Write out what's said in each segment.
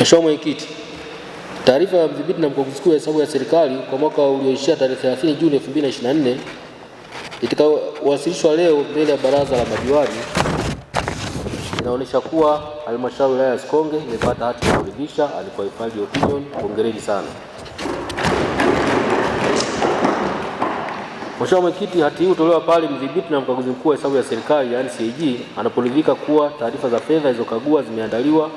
Mheshimiwa Mwenyekiti, taarifa ya mdhibiti na mkaguzi mkuu wa hesabu ya serikali kwa mwaka ulioishia tarehe 30 Juni 2024 itakayowasilishwa leo mbele ya baraza la madiwani inaonyesha kuwa halmashauri wilaya ya Sikonge imepata hati ya kuridhisha alipohifadhi opinion. Hongereni sana. Mheshimiwa Mwenyekiti, hati hii hutolewa pale mdhibiti na mkaguzi mkuu wa hesabu ya serikali yaani CAG e anaporidhika kuwa taarifa za fedha zilizokagua zimeandaliwa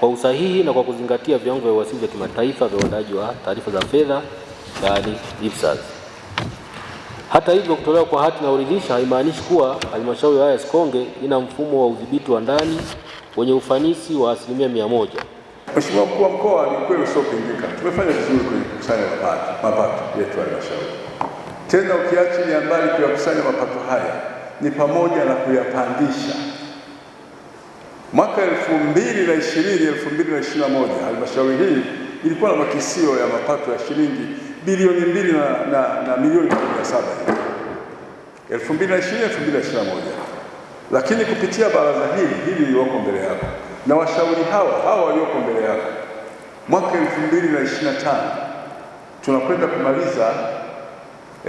kwa usahihi na kwa kuzingatia viwango vya uwasili vya kimataifa vya uandaji wa taarifa za fedha, yaani IPSAS. Hata hivyo, kutolewa kwa hati na uridhisha haimaanishi kuwa halmashauri ya wilaya Sikonge ina mfumo wa udhibiti wa ndani wenye ufanisi wa asilimia mia moja. Mheshimiwa Mkuu wa Mkoa, ni kweli usiopingika, tumefanya vizuri kwenye kukusanya mapato yetu ya halmashauri. Tena ukiachilia mbali kuyakusanya mapato haya, ni pamoja na kuyapandisha Mwaka 2020 2021 halmashauri hii ilikuwa na makisio ya mapato ya shilingi bilioni mbili na, na, na milioni 7 2020 lakini kupitia baraza hili hili lilioko mbele yako na washauri hawa hawa walioko mbele yako, mwaka 2025 tunakwenda kumaliza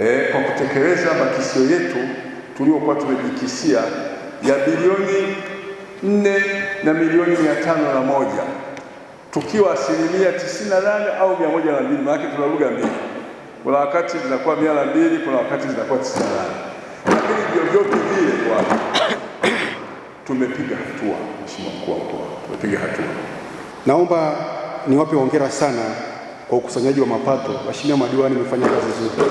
eh, kwa kutekeleza makisio yetu tuliokuwa tumejikisia ya bilioni nne na milioni mia tano na moja tukiwa asilimia tisini na nane au mia moja na mbili maanake tuna lugha mbili, kuna wakati zinakuwa mia na mbili kuna wakati zinakuwa tisini na nane lakini vyovyote vile kwa tumepiga hatua, Mheshimiwa Mkuu wa Mkoa, tumepiga hatua. Naomba niwape hongera sana kwa ukusanyaji wa mapato. Waheshimiwa madiwani, mmefanya kazi nzuri.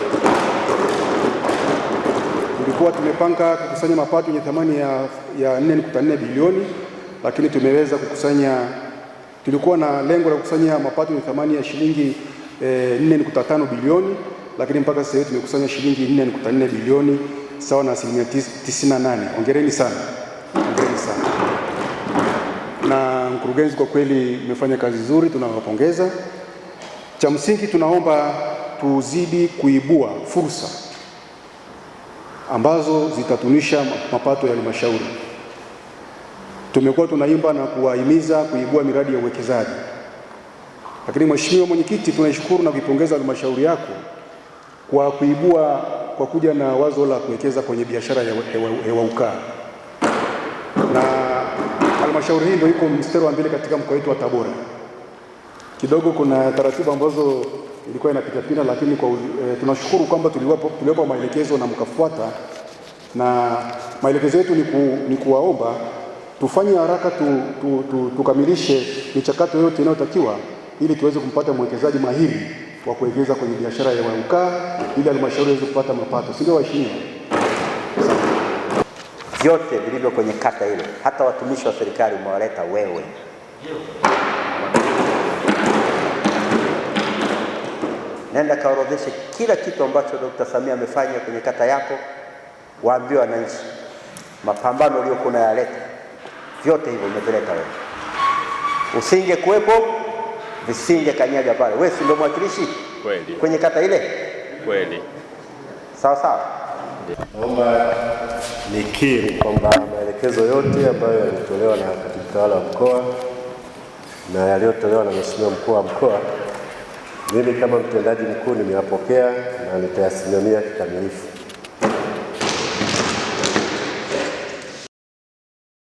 Tulikuwa tumepanga kukusanya mapato yenye thamani ya 4.4 bilioni, lakini tumeweza kukusanya, tulikuwa na lengo la kukusanya mapato yenye thamani ya shilingi eh, 4.5 bilioni, lakini mpaka sasa hivi tumekusanya shilingi 4.4 bilioni sawa na asilimia 98. Hongereni sana, hongereni sana. Na mkurugenzi, kwa kweli mmefanya kazi nzuri, tunawapongeza. Cha msingi tunaomba tuzidi kuibua fursa ambazo zitatumisha mapato ya halmashauri. Tumekuwa tunaimba na kuwahimiza kuibua miradi ya uwekezaji, lakini Mheshimiwa Mwenyekiti, tunaishukuru na kuipongeza halmashauri yako kwa kuibua kwa kuja na wazo la kuwekeza kwenye biashara ya hewa ukaa, na halmashauri hii ndio iko mstari wa mbele katika mkoa wetu wa Tabora kidogo kuna taratibu ambazo ilikuwa inapitapita, lakini kwa, e, tunashukuru kwamba tuliwapa maelekezo na mkafuata, na maelekezo yetu ni, ku, ni kuwaomba tufanye haraka tu, tu, tu, tukamilishe michakato yote inayotakiwa ili tuweze kumpata mwekezaji mahiri wa kuwekeza kwenye biashara ya ukaa ili halmashauri iweze kupata mapato, sio waheshimiwa? Vyote vilivyo kwenye kata ile, hata watumishi wa serikali umewaleta wewe nenda kaorodheshe kila kitu ambacho Dkt. Samia amefanya kwenye kata yako, waambie wananchi mapambano uliyokuwa yaleta vyote hivyo umevileta wewe. Usinge kuwepo visinge kanyaga pale, wewe si ndio mwakilishi kweli kwenye kata ile kweli? Sawa sawa. Naomba nikiri kwamba maelekezo yote ambayo yalitolewa na katibu tawala wa mkoa na yaliyotolewa na mheshimiwa mkuu wa mkoa mimi kama mtendaji mkuu nimewapokea na nitayasimamia kikamilifu.